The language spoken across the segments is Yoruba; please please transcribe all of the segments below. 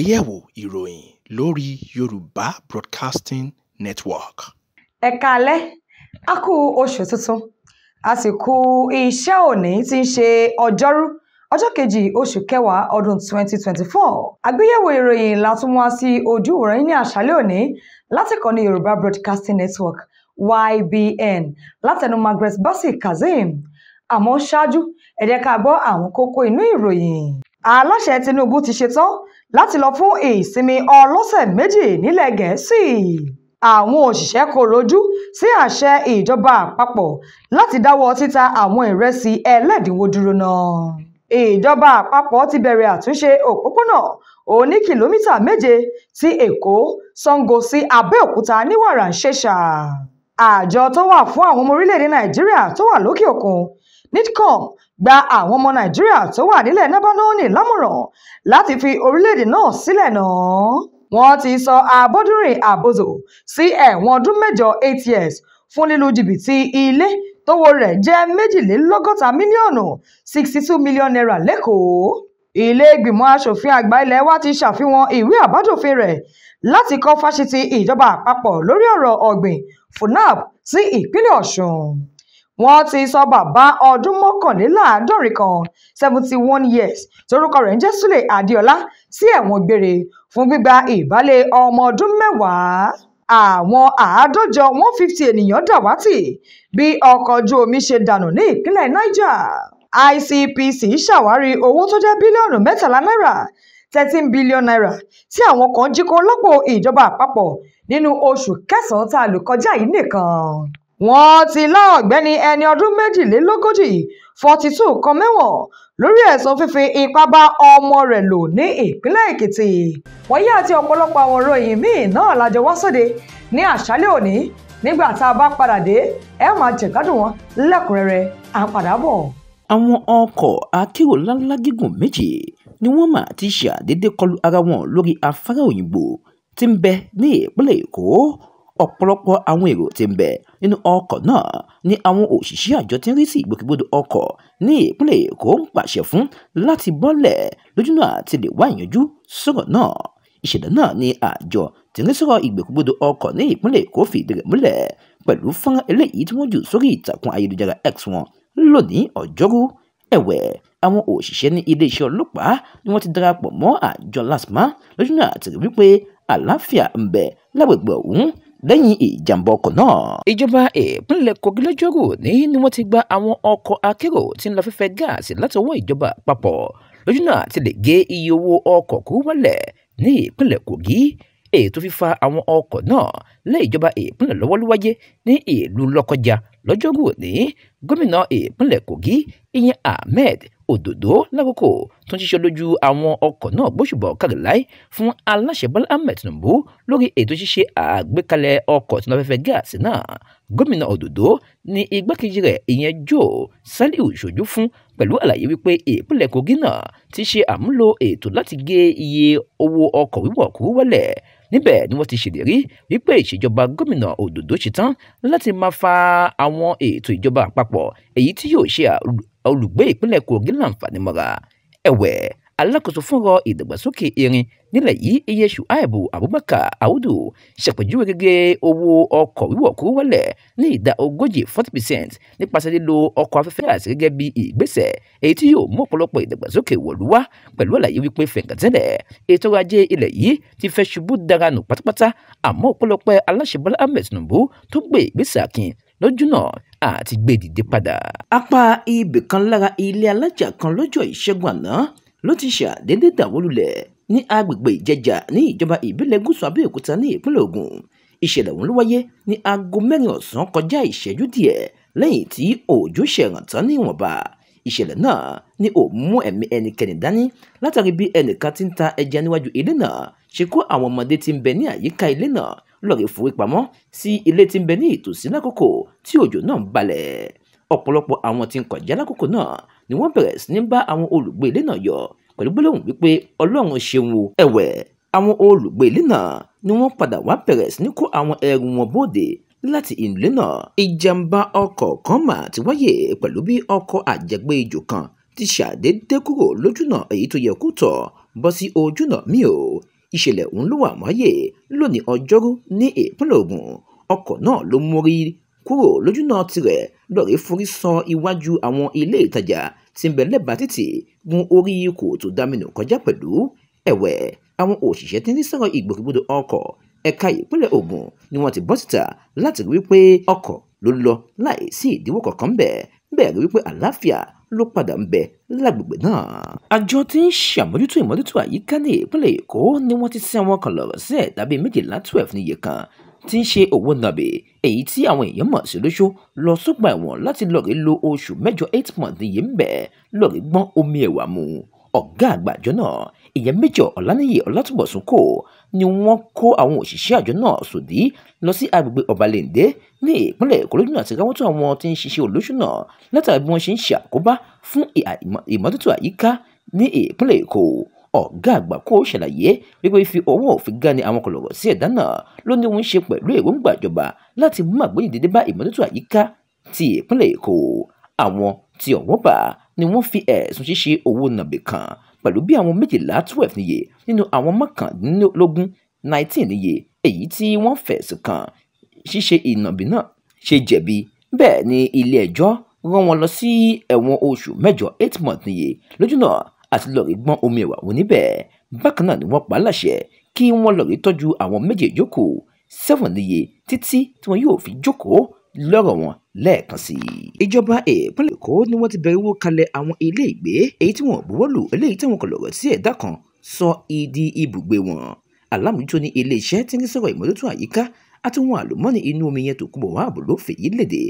àgbéyẹ̀wò ìròyìn lórí Yorùbá Broadcasting Network. ẹ káalẹ́ a kú oṣù tuntun a sì kú iṣẹ́ òní tí ń ṣe ọjọ́rú ọjọ́ kejì oṣù kẹwàá ọdún 2024 àgbéyẹ̀wò ìròyìn la tún wá sí ojú ìwòran ní àṣálẹ́ òní látìkọ́ ní Yorùbá Broadcasting Network YBN látẹnu Margaret Bassey Kazeem àmọ́ ṣáájú ẹ jẹ́ ká gbọ́ àwọn kókó inú ìròyìn aláṣẹ Tinubu ti ṣetán láti lọ fún ìsinmi ọlọ́sẹ̀ méjì nílẹ̀ gẹ̀ẹ́sì àwọn òṣìṣẹ́ kò rojú sí àṣẹ ìjọba àpapọ̀ láti dáwọ́ títa àwọn ìrẹsì ẹlẹ́dínwó dúró náà ìjọba àpapọ̀ ti bẹ̀rẹ̀ àtúnṣe òpópónà òní kìlómítà méje ti èkó Ṣàngó sí abẹ́òkúta ní wàràǹṣeṣà àjọ tó wà fún àwọn ọmọ orílẹ̀-èdè nàìjíríà tó wà lókè òkun nidcom gba àwọn ọmọ nàìjíríà tó wà nílẹ̀ nábánóòní lámọ̀ràn láti fi orílẹ̀-èdè náà sílẹ̀ náà wọ́n ti sọ abọ́dúnrìn àbòzò sí ẹ̀wọ̀n ọdún mẹ́jọ eight years fún lílu jìbìtì ilé tówó rẹ̀ jẹ́ méjìlélọ́gọ́ta mílíọ̀nù sixty two million naira lẹ́kọ̀ọ́ ilé ìgbìmọ̀ asòfin àgbà ilẹ̀ wa ti ṣàfihàn ìwé àbádòfin rẹ̀ láti kọ́ fásitì ìjọba àpapọ̀ lórí ọ̀rọ̀ ọ̀gbìn funab sí ìpínlẹ̀ ọ̀ṣun wọ́n ti sọ bàbá ọdún mọ́kànléláàádọ́rin kan seventy one years torúkọ rẹ̀ ń jẹ́ Sule Adéọlá sí ẹ̀wọ̀n gbére fún gbígba ìbálé ọmọ ọdún mẹ́wàá àwọn àádọ́jọ one fifty ènìyàn dàwátì bí ọkọ̀ ojú omi ṣe dànù ní ìpínlẹ̀ Niger ICPC ṣàwárí owó tó jẹ́ bílíọ̀nù mẹ́tàlá náírà thirteen billion naira tí àwọn kan jí kó lọ́pọ̀ ìjọba àpapọ̀ nínú oṣù kẹsàn-án tá a lò kọjá yìí nìkan wọ́n ti lá ọ̀gbẹ́ni ẹni ọdún méjìlélógójì forty two kan mẹ́wọ̀n lórí ẹ̀sùn fífi ipá bá ọmọ rẹ̀ lò ní ìpínlẹ̀ èkìtì wọ́n yí àti ọ̀pọ̀lọpọ̀ àwọn òròyìn míì náà lájọ wá sóde ní àṣálẹ́ òní nígbà tá a bá padà dé ẹ máa jẹ̀gbádùn wọn lẹ́kùnrẹ́rẹ́ à ń padà bọ̀. àwọn ọkọ̀ akérò lálá gígùn méjì ni wọ́n mà ti ṣàdédé kọlu ara wọn lórí afárá òyìnbó tí ń bẹ ní ìpínlẹ̀ èkó ọ̀pọ̀lọpọ̀ àwọn èrò tí ń bẹ nínú ọkọ̀ náà ni àwọn òṣìṣẹ́ àjọ tí ń rí sí ìgbòkègbodò ọkọ̀ ní ìpínlẹ̀ Èkó ń pàṣẹ fún láti bọ́lẹ̀ lójúnà àti lè wá ìyanjú sọ̀rọ̀ náà ìṣẹ̀lẹ̀ náà ni àjọ tí ń rí sọ̀rọ̀ ìgbòkègbodò ọkọ̀ ní ìpínlẹ̀ Èkó fìdí rẹ̀ múlẹ̀ pẹ̀lú fọ́nrán eléyìí tí wọ́n jù sórí ìtàkùn ayélujára X wọn lónìí ọjọ́rú ẹ̀wẹ̀ àwọn òṣìṣẹ́ ní iléeṣẹ́ ọlọ́pàá ni wọ́n ti darapọ̀ mọ́ àjọ LASTMA lójúnà àti rí wípé àlàáfíà ń bẹ lágbègbè ọ̀hún lẹ́yìn ìjàmbá ọkọ̀ náà. ìjọba ìpínlẹ̀ kogi lọ́jọ́rú ní ni wọ́n ti gba àwọn ọkọ̀ akérò tí ń lọ fẹ́fẹ́ gáàsì láti ọwọ́ ìjọba àpapọ̀ lójú náà ti lè gé iye owó ọkọ̀ kú wálẹ̀ ní ìpínlẹ̀ kogi èyí tó fi fa àwọn ọkọ̀ náà lé ìjọba ìpínlẹ̀ lọ́wọ́ ló wáyé ní ìlú lọ́kọjà lọ́jọ́gù òní gómìnà ìpínlẹ̀ Kogi ìyẹn Ahmed Òdòdó lákòókò tó ń ṣiṣẹ́ lójú àwọn ọkọ̀ náà gbóṣùbọ̀ kàgìláì fún aláṣẹ Bọ́lá Ahmed Tinubu lórí ètò ṣíṣe àgbékalẹ̀ ọkọ̀ tí wọ́n fẹ́ gáàsì náà gómìnà Òdòdó ní igbákejì rẹ̀ ìyẹn Joe Saliu ṣojú fún pẹ̀lú àlàyé wípé ìpínlẹ̀ Kogi náà ti ṣe àmúlò ètò láti gé iye owó ọkọ̀ wíwọ̀ kú wọlẹ̀ níbẹ̀ ni wọ́n ti ṣèlérí wípé ìṣèjọba gómìnà Òdòdó ṣetán láti máa fa àwọn ètò ìjọba àpapọ̀ èyí tí yóò ṣe olùgbé ìpínlẹ̀ Kogi láǹfààní mọ́ra ẹ̀wẹ̀ alákòóso fúnrọ̀ ìdàgbàsókè irin nílẹ̀ yìí iye Shuaibu Abubakar Audu ṣàpèjúwe gẹ́gẹ́ owó ọkọ̀ wíwọ̀ kó wọlẹ̀ ní ìdá ogójì forty percent nípasẹ̀ lílo ọkọ̀ afẹ́fẹ́ àti gẹ́gẹ́ bí ìgbésẹ̀ èyí tí yóò mú ọ̀pọ̀lọpọ̀ ìdàgbàsókè wọ̀lú wá pẹ̀lú àlàyé wípé fẹ̀ǹkàtẹ́lẹ̀ ètò ọrọ̀ ajé ilẹ̀ yìí ti fẹ́ ṣubú daranu pátápátá àmọ́ ọ̀pọ̀lọpọ̀ akin lójú náà àti gbé dìde padà. apá ibì kan lára ilé alájà kan lọ́jọ́ ìṣẹ́gun ló ti ṣàdédé dàwó ní agbègbè ìjẹjà ní ìjọba ìbílẹ̀ gúúsù abẹ́òkúta ní ìpínlẹ̀ ògùn ìṣẹ̀lẹ̀ ọ̀hún ló wáyé ní aago mẹ́rin ọ̀sán kọjá ìṣẹ́jú díẹ̀ lẹ́yìn tí òjò ṣẹ̀rántán ní ìwọ̀nba ìṣẹ̀lẹ̀ náà ni ò mú ẹ̀mí ẹnikẹ́ni dání látàrí bí ẹnìkan ti ń ta ẹja níwájú ilé náà ṣe kó àwọn ọmọdé ti ń bẹ ní àyíká ilé náà lọ́ọ̀rẹ́ forípamọ́ sí ilé tí ń bẹ ní ìtòsí lákòókò tí òjò náà ń balẹ̀ ọ̀pọ̀lọpọ̀ àwọn tí ń kọjá lákòókò náà ni wọ́n bẹ̀rẹ̀ sí ní bá àwọn olùgbé ilé náà yọ pẹ̀lú gbólóhùn wípé ọlọ́run ṣeun o ẹ̀wẹ̀ àwọn olùgbé ilé náà ni wọ́n padà wá bẹ̀rẹ̀ sí ní kó àwọn ẹrù wọn bóde láti inú ilé náà ìjàmbá ọkọ̀ kan mà ti wáyé pẹ̀lú bí ọkọ̀ àjẹgbé ijò kan ti ṣàdédé kúrò lójúnà èyí tó yẹ kó tọ̀ bọ́ sí ojúnà mi ò ìṣẹ̀lẹ̀ ọ̀hún ló wà wáyé lónìí ọjọ́rú ní ìpínlẹ̀ Ògùn ọkọ̀ náà ló mórí kúrò lójúnà tirẹ̀ lọ́ọ̀rì forí sọ iwájú àwọn ilé ìtajà tí ń bẹ lẹ́bàá títì gun orí kòtò dáminù kọjá pẹ̀lú ẹ̀wẹ̀ àwọn òṣìṣẹ́ tí ń sọ̀rọ̀ ìgbòkègbodò ọkọ̀ ẹ̀ka ìpínlẹ̀ Ògùn ni wọ́n ti bọ́ síta láti rí wípé ọkọ̀ ló lọ láì sí ìdíwọ́ kankan bẹ́ẹ̀ bẹ́ẹ̀ rí wípé àlàáfíà ló padà ń bẹ lágbègbè náà. àjọ tí ń ṣàmójútó ìmọ́tótó àyíká ní ìpínlẹ̀ Èkó ni wọ́n ti sin àwọn kan lọ́rọ̀ sí ẹ̀dá bíi méjìlá twelve níye kan tí ń ṣe Owónàbì èyí tí àwọn èèyàn mọ̀ sí lóṣó lọ sọ́gbà ẹ̀wọ̀n láti lọ́ọ̀rì lo oṣù mẹ́jọ eight months yìí ń bẹ̀ lọ́ọ̀rì gbọ́n omi ẹ̀wà mu ọ̀gá àgbà àjọ náà ìyẹn Méjọ̀ Ọláníyì Ọlátúnbọ̀sún kò ni wọ́n kó àwọn òṣìṣẹ́ àjọ náà sòdí lọ sí agbègbè Ọ̀bàlẹ̀ǹdé ní ìpínlẹ̀ Èkó lójú náà ti káwọ́ tó àwọn tí ń ṣiṣẹ́ olóṣù náà látàrí bí wọ́n ṣe ń ṣàkóbá fún ìmọ́tótó àyíká ní ìpínlẹ̀ Èkó ọ̀gá àgbà kó ṣàlàyé wípé fífi ọwọ́ òfin gani àwọn kọlọ̀rọ̀ sí ẹ̀dá náà ló ní wọ́n ń ṣe pẹ̀lú èròǹgbà ìjọba láti mú àgbéyìndé bá ìmọ́tótó àyíká ti ìpínlẹ̀ èkó àwọn tí ọ̀wọ́ bá ni wọ́n fi ẹ̀sùn ṣíṣe owó nàbì kan pẹ̀lú bí àwọn méjìlá twelve níye nínú àwọn mọ́kàndínlógún nineteen níye èyí tí wọ́n fẹ̀sùn kàn ṣíṣe ìnàbì náà ṣe jẹ̀bi bẹ́ẹ̀ ni ilé ẹjọ́ rán wọn lọ sí ẹ̀wọ̀n oṣù mẹ́jọ eight months níye lójú náà àti lọ rí gbọ́n omi ẹ̀wà wò níbẹ̀ bákan náà ni wọ́n pa á láṣẹ kí wọ́n lọ rí tọ́jú àwọn méje yòókù seven níye títí tí wọn yóò fi jókòó lọ́rọ̀ wọn lẹ́ẹ̀kan sí i. ìjọba ìpínlẹ̀ èkó ni wọ́n ti bẹ̀rẹ̀ wó kalẹ̀ àwọn ilé ìgbé èyí tí wọ́n buwọ́ lù eléyìí tí wọ́n kò lọ̀rọ̀ sí ẹ̀dá kan sọ ìdí ibùgbé wọn. alámòjútó ní iléeṣẹ́ tí ń sọ̀rọ̀ ìmọ́tótó àyíká àti wọn àlùmọ́ọ́nì inú omi yẹn tó kú bọ̀ wá àbò ló fèyí léde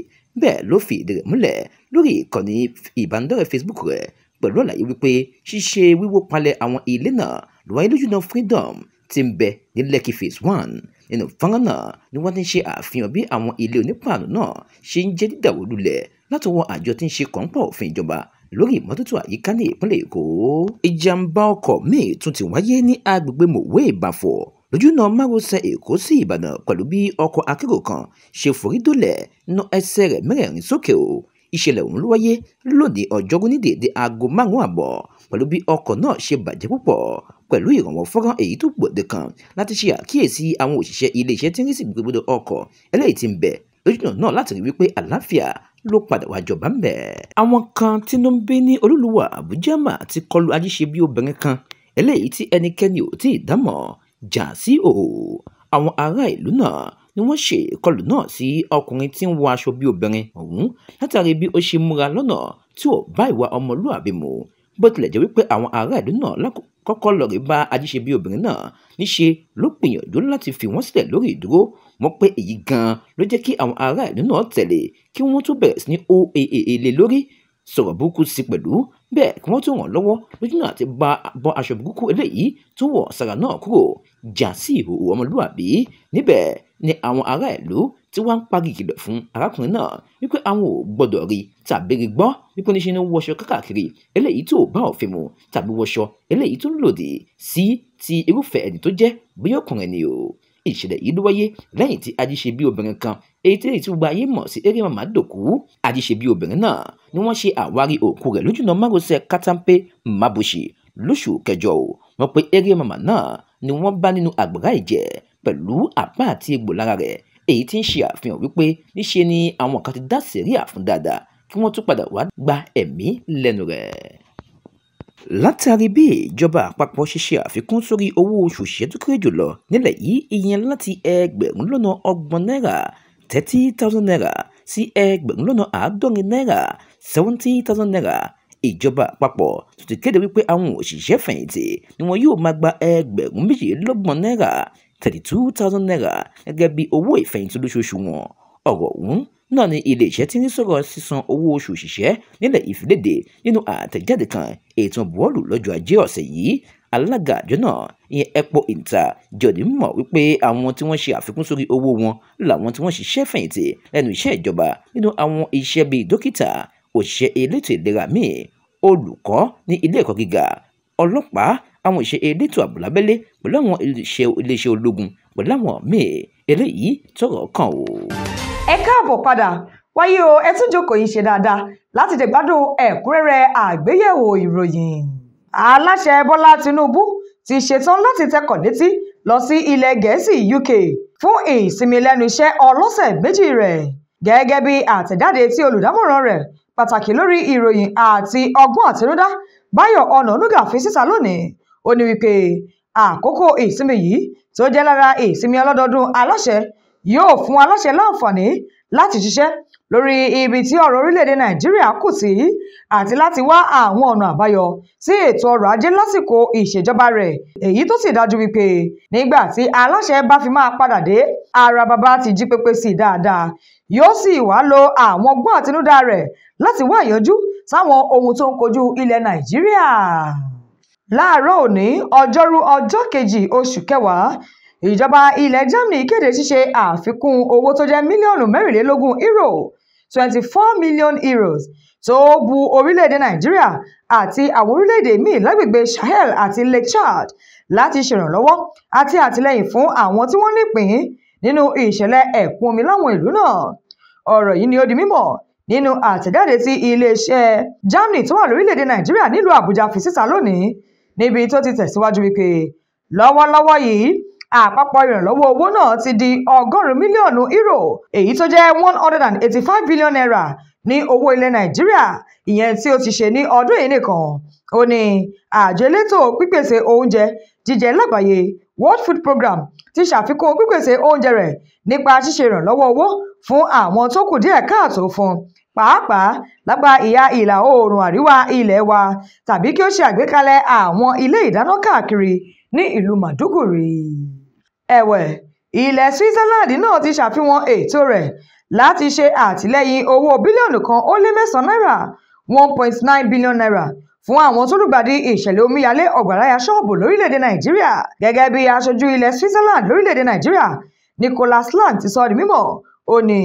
bẹ́ẹ̀ ló fi ìdí rẹ̀ múlẹ̀ lórí ìkànnì ìbánidọ́rẹ̀ẹ́ Facebook rẹ̀ pẹ̀lú àlàyé wípé ṣíṣe wíwó palẹ̀ àwọn ilé náà ló wáyé lójúnà freedom ti ń bẹ ní lekki phase one nínú fọ́nrán náà ni wọ́n ti ń ṣe àfihàn bí àwọn ilé onípààrọ̀ náà ṣe ń jẹ́ dídàwó lulẹ̀ látọwọ́ àjọ tí ń ṣe kọ́ńpọ̀ òfin ìjọba lórí ìmọ́tótó àyíká ní ìpínlẹ̀ èkó. ìjàmbá ọkọ̀ míì tún ti wáyé ní agbègbè mòwe ìbàfọ̀ lójúnà márosẹ̀ èkó sí ìbàdàn pẹ̀lú bí ọkọ̀ akérò kan ṣe forí dólẹ̀ nà ẹsẹ̀ rẹ̀ mẹ́rẹ̀ẹ̀rin sókè o ìṣẹ̀lẹ̀ ọ̀hún ló wáyé lóde ọjọ́rú ní déédé aago márùn-ún àbọ̀ pẹ̀lú bí ọkọ̀ náà ṣe bàjẹ́ púpọ̀ pẹ̀lú ìrànwọ́ fọ́nrán èyí tó gbòde kan láti ṣe àkíyèsí àwọn òṣìṣẹ́ iléeṣẹ́ tí ń rí sí gbogbo ọkọ̀ eléyìí tí ń bẹ lójúnà náà láti rí wípé àlàáfíà ló padà wá jọba ń bẹ̀. àwọn kan tínú ń bí ní olúluwà àbújá mà ti kọlu ajíṣebí obìnrin kan eléyìí tí ẹnikẹ́ni ò tí ì dámọ̀ jà sí òò àwọn ará ìlú náà ni wọ́n ṣe ìkọlù náà sí ọkùnrin tí ń wọ aṣọ bí obìnrin ọ̀hún látàrí bí ó ṣe múra lọ́nà tí ò bá ìwà ọmọlúàbí mu bó tilẹ̀ jẹ́ wípé àwọn ará ìlú náà kọ́kọ́ lọ rí bá ajíṣe bí obìnrin náà níṣe ló gbìyànjú láti fi wọ́n sílẹ̀ lórí ìdúró wọ́n pé èyí gan-an ló jẹ́ kí àwọn ará ìlú náà tẹ̀lé kí wọ́n tó bẹ̀rẹ̀ sí ní oaa lé lórí sọ̀rọ̀ burúkú sí pẹ̀lú bẹ́ẹ̀ kí wọ́n tó ràn lọ́wọ́ lójúnà àti bá bọ́ aṣọ burúkú eléyìí tó wọ̀ sára náà kúrò jà sí ìhòòhò ọmọlúwàbí níbẹ̀ ni àwọn ará ìlú tí wọ́n ń parí ìkìlọ̀ fún arákùnrin náà wípé àwọn ò gbọ́dọ̀ rí tàbí rí gbọ́ wípé níṣẹ́ ni wọṣọ káàkiri eléyìí tó bá òfin mu tàbí wọṣọ eléyìí tó lòdì sí ti irúfẹ́ ẹni tó jẹ́ bóyá ọkùnrin ni o ìṣẹ̀lẹ̀ yìí ló wáyé lẹ́yìn tí ajíṣebí obìnrin kan èyí tí èyí tí gbogbo ayé mọ̀ sí eré màmá dòkú ajíṣebí obìnrin náà ni wọ́n ṣe àwárí òkú rẹ̀ lójúnà márosẹ̀ Katampe Mabushi lóṣù kẹjọ o wọ́n pé eré màmá náà ni wọ́n bá nínú àgbàrá ìjẹ́ pẹ̀lú àpá àti egbò lára rẹ̀ èyí tí ń ṣe àfihàn wípé níṣe ni àwọn kan ti dá sẹ̀ríà fún dáadáa kí wọ́n tún padà wá gba ẹ̀mí lẹ́nu rẹ̀ látàrí bí ìjọba àpapọ̀ ṣiṣẹ́ àfikún sórí owó oṣù ṣẹ́jú kéré jùlọ nílẹ̀ yìí ìyẹn láti ẹgbẹ̀rún lọ́nà ọgbọ̀n náírà thirty thousand naira sí ẹgbẹ̀rún lọ́nà àádọ́rin náírà seventy thousand naira ìjọba àpapọ̀ tó ti kéde wípé àwọn òṣìṣẹ́ fẹ̀yìntì ni wọn yóò máa gba ẹgbẹ̀rún méjìlélọ́gbọ̀n náírà thirty two thousand naira gẹ́gẹ́ bí owó ìfẹ̀yìntì lóṣooṣù wọn ọ̀rọ̀ ọ̀hún náà ni iléeṣẹ́ tí ń sọ̀rọ̀ sísan owó oṣù òṣìṣẹ́ nílẹ̀ ìfìlédè nínú àtẹ̀jáde kan ètò buwọ́lù lọ́jọ́ ajé ọ̀sẹ̀ yìí alága àjọ náà ìyẹn epo inter jọ̀dí mọ̀ wípé àwọn tí wọ́n ṣe àfikún sórí owó wọn làwọn tí wọ́n ṣiṣẹ́ fẹ̀yìntì lẹ́nu iṣẹ́ ìjọba nínú àwọn iṣẹ́ bíi dókítà òṣìṣẹ́ elétò ìlera míì olùkọ́ ní ilé ẹ̀kọ́ gíga ọlọ́pàá àwọn òṣìṣẹ́ elétò ààbò pẹ̀lú àwọn iléeṣẹ́ ológun pẹ̀lú àwọn míì eléyìí tọ́rọ̀ kàn o ẹ káàbọ̀ padà wáyé o ẹ tún jókòó yìí ṣe dáadáa láti lè gbádùn ẹ̀kúnrẹ́rẹ́ àgbéyẹ̀wò ìròyìn. aláṣẹ bọ́lá tinubu ti ṣetán láti tẹkọ̀ létí lọ sí ilẹ̀ gẹ̀ẹ́sì uk fún ìsinmi lẹ́nu iṣẹ́ ọlọ́sẹ̀ méjì rẹ̀ gẹ́gẹ́ bí àtẹ̀jáde tí olùdámọ̀ràn rẹ̀ pàtàkì lórí ìròyìn àti ọgbọ́n àtinúdá báyọ̀ ọ̀nànúgà fi síta lónìí ó ní wípé àkókò ìsinmi yìí tó jẹ́ lára ìsinmi ọlọ́dọọdún aláṣẹ yóò fún aláṣẹ láǹfààní láti ṣiṣẹ́ lórí ibi tí ọ̀rọ̀ orílẹ̀-èdè nàìjíríà kù sí àti láti wá àwọn ọ̀nà àbáyọ sí ètò ọrọ̀ ajé lásìkò ìṣèjọba rẹ̀ èyí tó sì dájú wípé nígbà tí aláṣẹ bá fi máa padà dé ara bàbá ti jí pépé sí i dáadáa yóò sì wá lo àwọn ọgbọ́n àtinúdá rẹ̀ láti wá ìyanjú sáwọn ohun tó ń kojú ilẹ̀ nàìjíríà láàárọ̀ òní ọjọ́rú ọjọ́ kejì oṣù kẹwàá ìjọba ilẹ̀ Germany kéde ṣíṣe àfikún owó tó jẹ́ mílíọ̀nù mẹ́rìnlélógún euro twenty four million euros tó bu orílẹ̀-èdè Nàìjíríà àti àwọn orílẹ̀-èdè míì lágbègbè Sahel àti Lake Chad láti ṣèrànlọ́wọ́ àti àtìlẹ́yìn fún àwọn tí wọ́n nípìn nínú ìṣẹ̀lẹ̀ ẹ̀kún omi láwọn ìlú náà ọ̀rọ̀ yìí ni ó di mímọ̀ nínú àtẹ̀jáde tí iléeṣẹ́ Germany tó wà lórílẹ̀‐èdè Nàìjíríà nílùú Àbújá fi síta lónìí níbi tó ti tẹ̀síwájú wípé lọ́wọ́lọ́wọ́ yìí àpapọ̀ ìrànlọ́wọ́ owó náà ti di ọgọ́rùn-ún mílíọ̀nù euro èyí tó jẹ́ one hundred and eighty-five billion naira ní owó ilẹ̀ nàìjíríà ìyẹn tí ó ti ṣe ní ọdún yìí nìkan ó ní àjọ elétò pípèsè oúnjẹ jíjẹ lágbàáyé world food program ti ṣàfikún pípèsè oúnjẹ rẹ̀ nípa ṣíṣe ìrànlọ́wọ́ owó fún àwọn tó kù díẹ̀ káàtó fún pàápàá lápá ìyá ìlà oòrùn àríwá ilẹ̀ wa tàbí kí ó ṣe àgbékalẹ̀ àwọn ilé ìdáná káàkiri ní ìlú màdúgùrí ẹ̀wẹ̀ ilẹ̀ switzerland náà ti ṣàfihàn ètò rẹ̀ láti ṣe àtìlẹ́yìn owó bílíọ̀nù kan ó lé mẹ́sàn-án náírà one point nine billion naira fún àwọn tó lùgbàdì ìṣẹ̀lẹ̀ omíyalé ọ̀gbàráyà ṣọ́ọ̀bù lórílẹ̀‐èdè nàìjíríà gẹ́gẹ́ bí aṣojú ilẹ̀ switzerland lórílẹ̀‐èdè nàìjíríà nicholas land ti sọ di mímọ̀ ó ní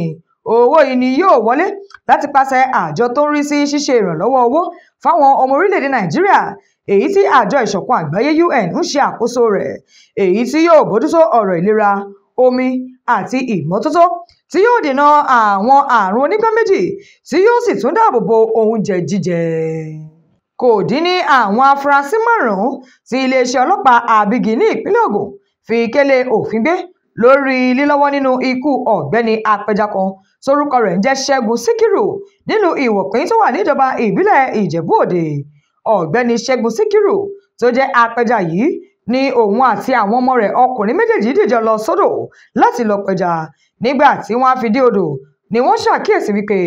owó yìí ni yóò wọlé láti pàṣẹ àjọ tó ń rí sí ṣíṣe ìrànlọ́wọ́ owó fáwọn ọmọ orílẹ̀‐èdè nàìjíríà èyí tí àjọ ìṣọ̀kan àgbáyé UN ń ṣe àkóso rẹ̀ èyí tí yóò bójútó ọ̀rọ̀ ìlera omi àti ìmọ́tótó tí yóò dènà àwọn àrùn onígbá méjì tí yóò sì tún dáàbò bo oúnjẹ jíjẹ kò dín ní àwọn afurasí márùn-ún tí iléeṣẹ́ ọlọ́pàá àbígì ní ìpínlẹ̀ Ògùn fi kélé òfin gbé lórí lílọ́wọ́ nínú ikú ọ̀gbẹ́ni apẹja kan torúkọ rẹ̀ ń jẹ́ Ṣẹ́gun Síkírù nínú ìwọ̀pín tó wà níjọba ìbílẹ̀ Ìjẹ̀bú-Òde ọ̀gbẹ́ni ṣẹ́gun síkírù tó jẹ́ apẹja yìí ni òun àti àwọn ọmọ rẹ̀ ọkùnrin méjèèjì dìjọ lọ sódò láti lọ pẹja nígbà tí wọ́n á fi dé odò ni wọ́n ṣàkíyèsí wípé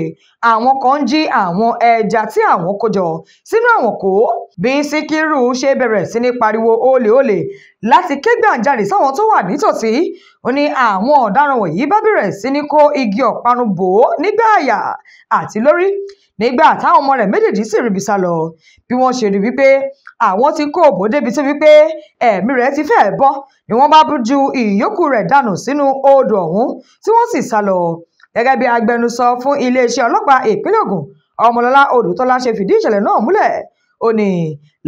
àwọn kan ń jí àwọn ẹja tí àwọn kó jọ sínú àwọn kó bí síkírù ṣe bẹ̀rẹ̀ sí ní pariwo olè olè láti ké gbàǹjarè sáwọn tó wà nítòsí ó ní àwọn ọ̀daràn wọ̀nyí bá bẹ̀rẹ̀ sí ní kó igi ọ̀parun bò ó nígbà àyà àti lórí nígbà táwọn ọmọ rẹ̀ méjèèjì sì ríbi sá lọ bí wọ́n ṣe rí wípé àwọn ti kó òbò débi tó wípé ẹ̀mí rẹ̀ ti fẹ́ẹ̀ bọ́ ni wọ́n bá ju ìyókù rẹ̀ dànù sínú odò ọ̀hún tí wọ́n sì sá lọ gẹ́gẹ́ bí agbẹnusọ fún iléeṣẹ́ ọlọ́pàá ìpínlẹ̀ Ògùn Ọmọlọ́lá Odùtọ́lá ṣe fìdí ìṣẹ̀lẹ̀ náà múlẹ̀ ó ní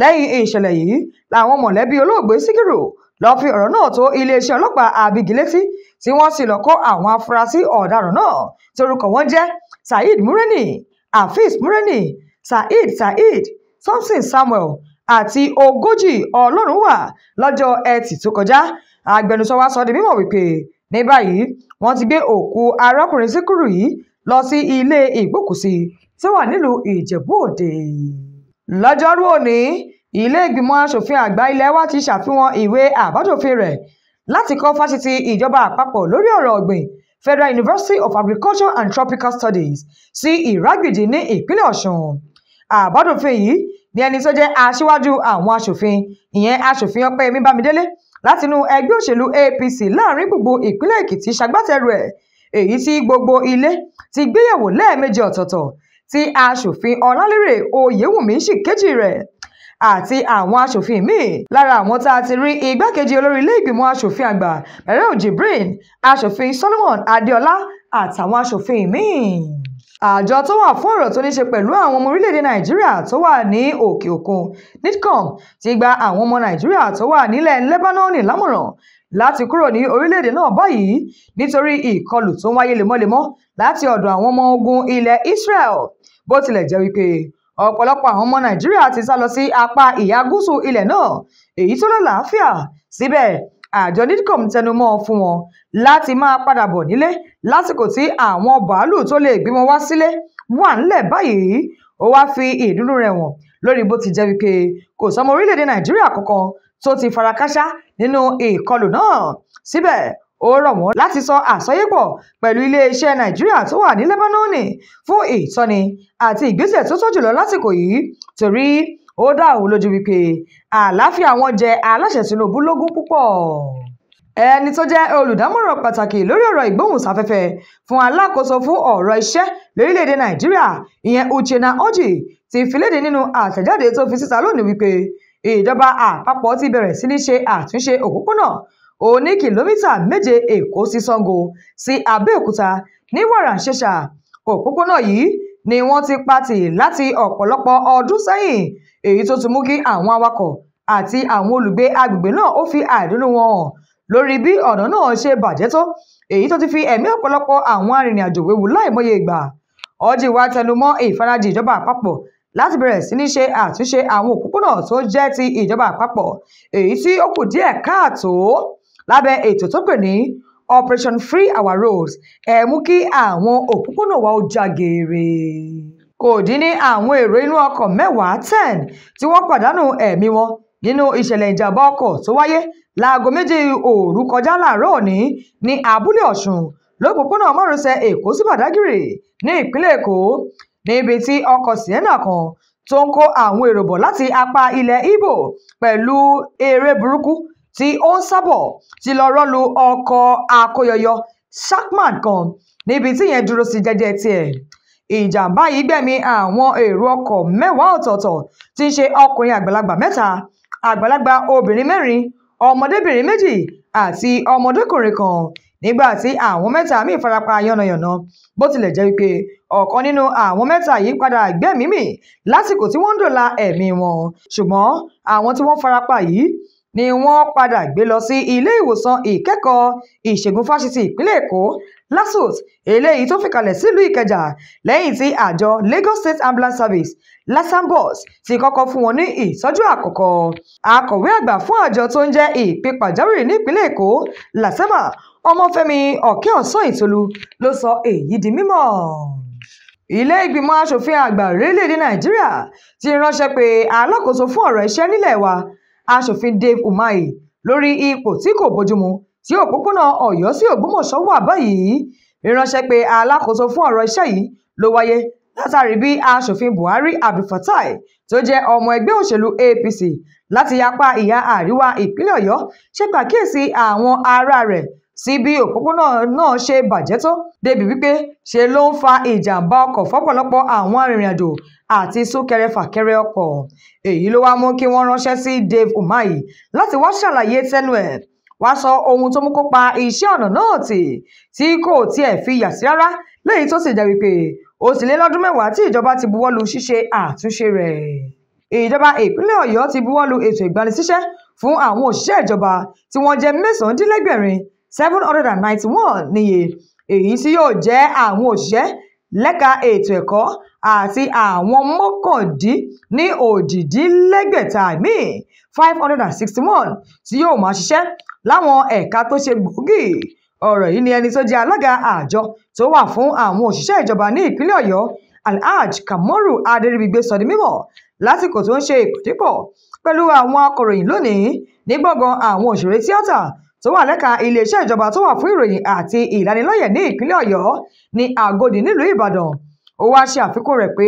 lẹ́yìn ìṣẹ̀lẹ̀ yìí làwọn mọ̀lẹ́bí olóògbé Síkírù lọ́ọ́ fi ọ̀rọ̀ náà tó iléeṣẹ́ ọlọ́pàá Àbígí létí tí wọ́n sì lọ kó àwọn afurasí ọ̀daràn náà tí orúkọ wọn jẹ́ Saheed Mureni afeez mureni saheed saheed samson samuel àti ogójì ọlọ́runwà lọ́jọ́ ẹtì tó kọjá agbẹnusọ wa sọ di mímọ̀ wípé ní báyìí wọ́n ti gbé òkú arákùnrin síkúrú yìí lọ sí ilé ìgbókùsí tí wà nílùú ìjẹ̀bú òde lọ́jọ́rú òní ilé ìgbìmọ̀ asòfin àgbà ilé wa ti ṣàfihàn ìwé àbádòfin rẹ̀ láti kọ́ fásitì ìjọba àpapọ̀ lórí ọ̀rọ̀ ọ̀gbìn Federal University of Agriculture and Tropical Studies sí Ìrágbìjí ní ìpínlẹ̀ Ọ̀ṣun àbádòfin yìí ni ẹni tó jẹ́ aṣíwájú àwọn aṣòfin ìyẹn aṣòfin Ọpẹ́yẹmí Bámidélé látinú ẹgbẹ́ òṣèlú APC láàrin gbogbo ìpínlẹ̀ Èkìtì ṣagbátẹrù ẹ̀ èyí tí gbogbo ilé ti gbéyẹ̀wò lẹ́ẹ̀mejì ọ̀tọ̀ọ̀tọ̀ tí aṣòfin Ọlálérè Oyèwùmí sì kejì rẹ̀ àti àwọn aṣòfin míì lára àwọn tá a ti rí igbákejì olórí ilé ìgbìmọ̀ aṣòfin àgbà Barau Jibrin aṣòfin Solomon Adéọlá àtàwọn aṣòfin míì àjọ tó wà fún ọ̀rọ̀ tó ní ṣe pẹ̀lú àwọn ọmọ orílẹ̀-èdè nàìjíríà tó wà ní òkè òkun nidcom ti gba àwọn ọmọ nàìjíríà tó wà nílẹ̀ lebanon lámọ̀ràn láti kúrò ní orílẹ̀-èdè náà báyìí nítorí ìkọlù tó ń wáyé lemọ́lemọ́ láti ọ̀dọ̀ àwọn ọmọ ogun ilẹ̀ israel bó tilẹ̀ jẹ́ wípé ọ̀pọ̀lọpọ̀ àwọn ọmọ nàìjíríà ti sá lọ sí apá ìhà gúúsù ilẹ̀ náà èyí tó lálàáfíà síbẹ̀ àjọ nidcom tẹnumọ́ fún wọn láti máa padà bọ̀ nílé lásìkò tí àwọn bàálù tó lè gbé wọn wá sílé wà ńlẹ̀ báyìí ó wáá fi ìdúró rẹ̀ wọ̀n lórí bó ti jẹ́ wípé kò sọmọ orílẹ̀-èdè nàìjíríà kankan tó ti farakásá nínú ìkọlù náà síbẹ̀ ó rọ̀ wọ́n láti sọ àsọyépọ̀ pẹ̀lú iléeṣẹ́ nàìjíríà tó wà ní lẹ́bánọ́ọ̀nì fún ìtọ́ni àti ìgbésẹ̀ tó tó jùlọ lásìkò yìí torí ó dá òun lójú wípé àlàáfíà wọn jẹ aláṣẹ Tinubu lógún púpọ̀ ẹni tó jẹ́ olùdámọ̀ràn pàtàkì lórí ọ̀rọ̀ ìgbóhùnsáfẹ́fẹ́ fún alákòóso fún ọ̀rọ̀ iṣẹ́ lórílẹ̀‐èdè nàìjíríà ìyẹn Uchenna Orji ti filéde nínú àtẹ̀jáde tó fi síta lónìí wípé ìjọba àpapọ̀ ti bẹ̀rẹ̀ sí ní ṣe àtúnṣe òpópónà òní kìlómítà méje èkó sí sango sí abẹ́òkúta ní wàràǹṣeṣà òpópónà yìí ni wọ́n ti pa tì láti ọ̀pọ̀lọpọ̀ ọdún sẹ́yìn èyí tó ti mú kí àwọn awakọ̀ àti àwọn olùgbé agbègbè náà ó fi àìdùnnú wọn hàn lórí bí ọ̀nà náà ṣe bàjẹ́ tó èyí tó ti fi ẹ̀mí ọ̀pọ̀lọpọ̀ àwọn arìnrìn-àjò wewu láìmọye ìgbà Ọ̀jìwà tẹnumọ́ ìfarajì ìjọba àpapọ̀ láti bẹ̀rẹ̀ sí ní ṣe àtúnṣe àwọn òpópónà tó jẹ́ ti ìjọba àpapọ̀ èyí tí ó kù díẹ̀ káàtó lábẹ́ ètò tó pè ní operation free our roads ẹ mú kí àwọn òpópónà wa ó já geere kò dín ní àwọn èrò inú ọkọ̀ mẹ́wàá ten tí wọ́n pàdánù ẹ̀mí wọn nínú ìṣẹ̀lẹ̀ ìjàmbá ọkọ̀ tó wáyé láago méjì òru kọjá láàárọ̀ òní ní abúlé ọ̀ṣun lópòpónà márosẹ̀ èkó sí bàdágìrì ní ìpínlẹ̀ èkó níbi tí ọkọ̀ sienna kan tó ń kó àwọn èrò bọ̀ láti apá ilẹ̀ Ìgbò pẹ̀lú eré burúkú tí ó ń sábọ̀ ti lọ rọ́lu ọkọ̀ akóyọyọ Shackman kan níbi tí ìyẹn dúró sí jẹ́jẹ́ tiẹ̀ ìjàmbá yìí gbẹ̀mí àwọn èrò ọkọ̀ mẹ́wàá ọ̀tọ̀ọ̀tọ̀ tí ń ṣe ọkùnrin àgbàlagbà mẹ́ta àgbàlagbà obìnrin mẹ́rin ọmọdébìnrin méjì àti ọmọdékùnrin kan nígbà tí àwọn mẹ́ta míì farapa yánnayànna bó tilẹ̀ jẹ́ wípé ọ̀kan nínú àwọn mẹ́ta yìí padà gbẹ̀mí mì lásìkò tí wọ́n ń dòla ẹ̀mí wọn ṣùgbọ́n àwọn tí wọ́n farapa yìí ni wọ́n padà gbé lọ sí ilé ìwòsàn ìkẹ́kọ̀ọ́ ìṣègùn fásitì ìpínlẹ̀ èkó LASUS eléyìí tó fìkàlẹ̀ sílùú ìkẹjà lẹ́yìn tí àjọ Lagos State Ambulance Service lasambos ti kọ́kọ́ fún wọn ní ìtọ́jú àkọ́kọ́ akọ̀wé àgbà fún àjọ tó ń jẹ́ ìpè pàjáwìrì nípínlẹ̀ èkó lasema ọmọfẹ́mi ọ̀kẹ́ ọ̀sán ìtolú ló sọ èyí di mímọ́ ilé ìgbìmọ̀ asòfin àgbà orílẹ̀-èdè nàìjíríà ti ránṣẹ́ pé alákòóso fún ọ̀rọ̀ iṣẹ́ nílẹ̀ wa aṣòfin Dave Umahi lórí ipò tí kò bójúmu tí òpópónà Ọ̀yọ́ sí Ògbómọ̀ṣọ́ wà báyìí ìránṣẹ́ pé alákòóso fún ọ̀rọ̀ iṣẹ́ yìí ló wáyé látàrí bí aṣòfin Buhari Abdulfatai tó jẹ́ ọmọ ẹgbẹ́ òṣèlú APC láti yapa ìhà àríwá ìpínlẹ̀ Ọ̀yọ́ ṣe pàkíyèsí àwọn ará rẹ̀ sí bí òpópónà náà ṣe bàjẹ́ tó débi wípé ṣe ló ń fa ìjàmbá ọkọ̀ fọ́pọ̀lọpọ̀ àwọn arìnrìnàjò àti súnkẹrẹfàkẹrẹ ọkọ̀ èyí ló wá mú kí wọ́n ránṣẹ́ sí Dave Umahi láti wá ṣàlàyé tẹnu ẹ̀ wá sọ ohun tó mú kó pa iṣẹ́ ọ̀nà náà tì tí kò tiẹ̀ fi yà sí rárá lẹ́yìn tó sì jẹ́ wípé ó sì lé lọ́dún mẹ́wàá tí ìjọba ti buwọ́lu ṣíṣe àtúnṣe rẹ̀ ìjọba ìpínlẹ̀ Ọ̀yọ́ ti buwọ́lu ètò ìgbanisíṣẹ́ fún àwọn òṣìṣẹ́ ìjọba tí wọ́n jẹ́ mẹ́sàn-án-dín-lẹ́gbẹ̀rin seven hundred and ninety one níye èyí tí yóò jẹ́ àwọn òṣìṣẹ́ lẹ́ka ètò ẹ̀kọ́ àti àwọn mọ́kàndín ní òjìdínlẹ́gbẹ̀ta míì five hundred and sixty one tí yóò máa ṣiṣẹ́ láwọn ẹ̀ka tó ṣe gbòógì ọ̀rọ̀ yìí ni ẹni tó jẹ́ alága àjọ tó wà fún àwọn òṣìṣẹ́ ìjọba ní ìpínlẹ̀ ọ̀yọ́ alhaj kamoru adéríbigbé sọ di mímọ̀ lásìkò tó ń ṣe ìpàdépọ̀ pẹ̀lú àwọn akọ̀ròyìn lónìí ní gbọ̀ngàn àwọn òṣèré tíátà tó wà lẹ́ka iléeṣẹ́ ìjọba tó wà fún ìròyìn àti ìlanilọ́yẹ̀ ní ìpínlẹ̀ ọ̀yọ́ ní àgòdì nílùú ìbàdàn ó wáá ṣe àfikún rẹ̀ pé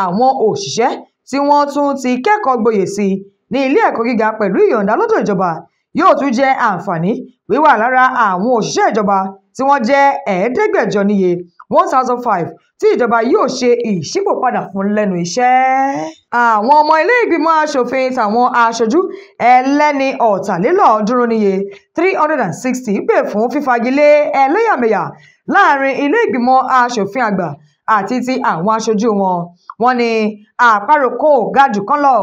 àwọn òṣìṣẹ́ tí wọ́n tún ti kẹ́kọ̀ọ́ gboyè sí ní ilé ẹ̀kọ́ gíga pẹ̀lú ìyọ̀ǹda lọ́dọ̀ ìjọba yóò tún jẹ àǹfààní wíwà lára àwọn òṣìṣẹ́ ìjọba tí wọ́n jẹ́ ẹ̀ẹ́dẹ́gbẹ̀jọ níye one thousand five tí ìjọba yóò ṣe ìṣípòpadà fún lẹ́nu iṣẹ́. àwọn ọmọ ilé ìgbìmọ̀ asòfin tàwọn aṣojú ẹlẹ́ni ọ̀tàlélọ́ọ̀ọ́dúnrún níye three hundred and sixty pè fún fífagilé ẹlẹ́yàmẹ̀yà láàrin ilé ìgbìmọ̀ asòfin àgbà àti ti àwọn aṣojú wọn. wọ́n ní àparò kò ga jù kán lọ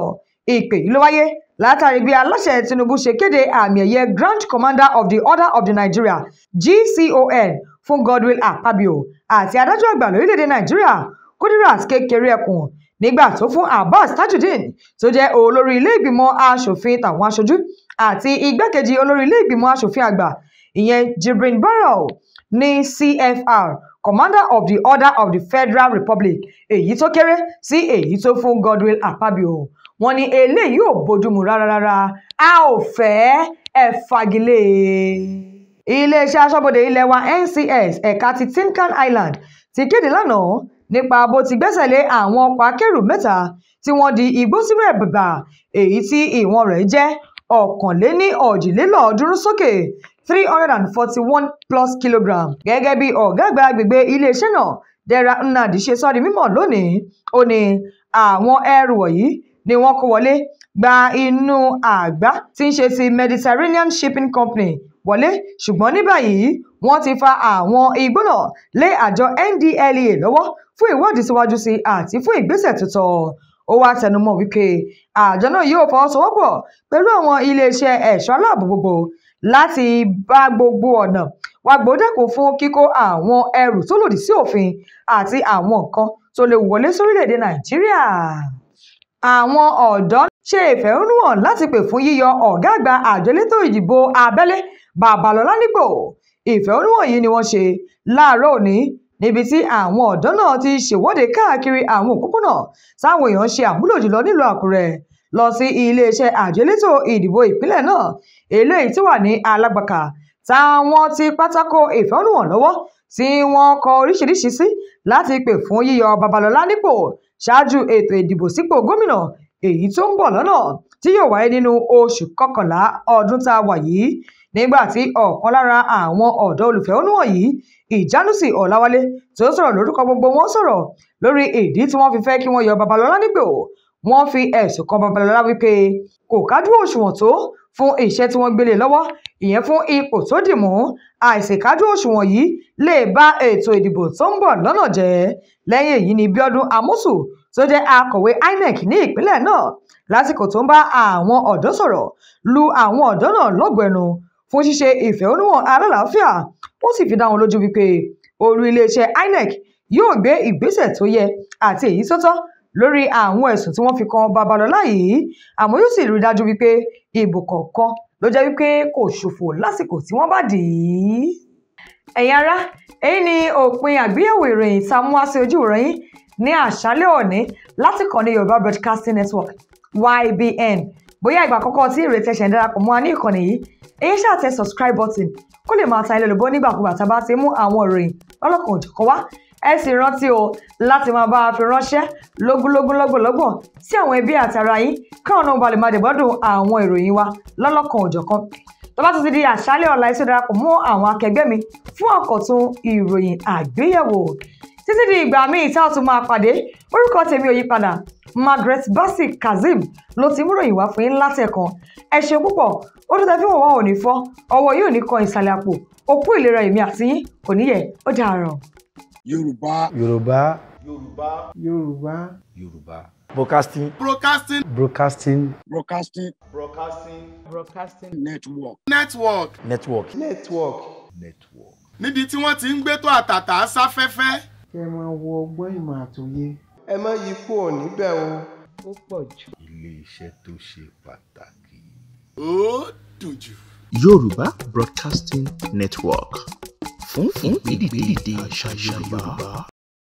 ìpè yìí ló wáyé látàrí bí aláṣẹ Tinubu ṣe kéde àmì ẹ̀yẹ Grand Commander of the Order of the Nigeria GCON fún Godwill Akpabio àti adájọ́ àgbà lórílẹ̀‐èdè Nàìjíríà Kudirat kékeré ẹkùn nígbà tó fún Abbas Tajudeen tó jẹ́ olórí ilé ìgbìmọ̀ asòfin tàwọn aṣojú àti igbákejì olórí ilé ìgbìmọ̀ asòfin àgbà ìyẹn Jibrin Barau ní CFR commander of the order of the federal republic èyí tó kéré sí èyí tó fún Godwill Akpabio wọ́n ní eléyìí ò bójúmu rárá rárá a ò fẹ́ ẹ fagilé iléeṣẹ́ aṣọ́bodè ilé wa NCS ẹ̀ka ti Tincan Island ti kéde lánàá nípa bó ti gbẹ́sẹ̀ lé àwọn ọkọ̀ akẹ́rù mẹ́ta tí wọ́n di igbó sínú ẹ̀bùbà èyí tí ìwọ̀n rẹ̀ jẹ́ ọ̀kànléní sókè three hundred and forty-one plus kilogram gẹ́gẹ́ bí ọ̀gá àgbà agbègbè iléeṣẹ́ náà Dera Nnadi ṣe sọ di mímọ̀ lónìí ó ní àwọn ẹrù wọ̀nyí ni wọ́n kó wọlé gba inú àgbá tí ń ṣe ti Mediterranean Shipping Company wọlé ṣùgbọ́n ní báyìí wọ́n ti fa àwọn igbó náà lé àjọ NDLEA lọ́wọ́ fún ìwádìí síwájú sí àti fún ìgbésẹ̀ tuntun ó wá tẹnumọ́ wípé àjọ náà yóò fọwọ́sowọ́pọ̀ pẹ̀lú àwọn iléeṣẹ́ ẹ̀ṣọ́ aláàbò gbogbo láti bá gbogbo ọ̀nà wàgbó dẹ́kun fún kíkó àwọn ẹrù tó lòdì sí òfin àti àwọn nǹkan tó lè wọlé sórílẹ̀-èdè nàìjíríà àwọn ọ̀dọ́ ṣe ìfẹ̀hónúhàn láti pè fún yíyọ ọ̀gá àgbà àjọ elétò ìdìbò abẹ́lé Babalọlá nípò ìfẹ̀hónúhàn yìí ni wọ́n ṣe láàárọ̀ òní níbi tí àwọn ọ̀dọ́ náà ti ṣèwọ́de káàkiri àwọn òpópónà táwọn èèyàn ṣe àmúlò jùlọ nílùú Àkúrẹ́ lọ sí iléeṣẹ́ àjẹlétò ìdìbò ìpínlẹ̀ náà eléyìí tí wà ní alágbàkà táwọn ti pátákó ìfẹ̀hónúhàn lọ́wọ́ tí wọ́n kọ oríṣiríṣi sí láti pè fún yíyọ Babalọ́lá nípò ṣáájú ètò ìdìbò sípò gómìnà èyí tó ń bọ̀ lọ́nà tí yóò wáyé nínú oṣù kọkànlá ọdún tá a wà yìí nígbà tí ọ̀kan lára àwọn ọ̀dọ́ olùfẹ̀hónúhàn yìí ìjánusì ọ̀làwálé tó sọ̀rọ̀ lórúkọ gbogbo wọn sọ̀rọ̀ lórí ìdí tí wọ́n fi fẹ́ kí wọ́n yọ Babalọ́lá nípò wọ́n fi ẹ̀sùn kan Babalọlá wípé kò kájú òṣùwọ̀n tó fún iṣẹ́ tí wọ́n gbélé lọ́wọ́ ìyẹn fún ipò tó dì mú àìsèkájú òṣùwọ̀n yìí lè ba ètò ìdìbò tó ń bọ̀ lọ́nà jẹ́ lẹ́yìn èyí ni Bíọ́dún Amusu tó jẹ́ akọ̀wé INEC ní ìpínlẹ̀ náà lásìkò tó ń bá àwọn ọ̀dọ́ sọ̀rọ̀ lu àwọn ọ̀dọ́ náà lọ́gbẹ̀ẹ́nu fún ṣíṣe ìfẹ̀hónúhàn alálàáfíà ó sì fi dá wọn lójú wípé olú iléeṣẹ́ INEC yóò gbé ìgbésẹ̀ tó yẹ àti èyí tó tọ́ lórí àwọn ẹ̀sùn tí wọ́n fi kan Babalọ́lá yìí àmọ́ yóò sì rí i dájú wípé ìbò kọ̀ọ̀kan ló jẹ́ wípé kò ṣòfò lásìkò tí wọ́n bá dì í. ẹ̀yin ará èyí ni òpin àgbéyẹ̀wò ìròyìn tá a mú wá sí ojú ìwòran yín ní àṣálẹ́ òní láti kàn ní Yorùbá Broadcasting Network YBN bóyá ìgbà àkọ́kọ́ tí ìrètí ẹ̀ṣẹ̀ ń darapọ̀ mọ́ wa ní ìkànnì yìí èyí ṣáà subscribe button kó lè máa ta ilé olùbọ́ nígbàkúgbà tá a bá ti mú àwọn ìròyìn lọ́lọ́kan òjọ̀kan wá ẹ sì rántí o láti máa bá a fi ránṣẹ́ lógúnlógún lọ́gbọ̀lọ́gbọ̀n sí àwọn ẹbí àti ara yín káwọn náà balẹ̀ máa dẹ̀gbọ́dùn àwọn ìròyìn wa lọ́lọ́kan òjọ̀kan tó bá tún ti di àṣálẹ́ ọ̀la iṣẹ́ darapọ̀ mọ́ àwọn akẹgbẹ́ mi fún ọ̀kọ̀tún ìròyìn àgbéyẹ̀wò títí di ìgbà míì tá a tún máa pàdé orúkọ tèmi ò yípadà Margaret Bassey Kazeem ló ti mú ròyìn wá fún yín látẹ̀kan ẹ ṣe púpọ̀ ó tún tẹ́fí wọn wá òní fọ́ ọwọ́ yóò ní kan ìsàlẹ̀ àpò òkú ìlera èmi àti yín kò níyẹ̀ ó dàárọ̀. Yorùbá. Yorùbá. Yorùbá. Yorùbá. Yorùbá. Broadcasting. Broadcasting. Broadcasting. Broadcasting. Broadcasting. Broadcasting. Network. Network. Network. Network. Network. Níbi tí wọ́n ti ń gbé tó àtàtà sáfẹ́fẹ́. Ẹ máa wo ọgbọ́n ìmọ̀ àtòyé. Ẹ má yí kú ọ̀ níbẹ̀ o. Ó pọ̀ jù. Ilé iṣẹ́ tó ṣe pàtàkì. Ó dùn jù. Yorùbá Broadcasting Network fún ìgbédìde àṣà Yorùbá.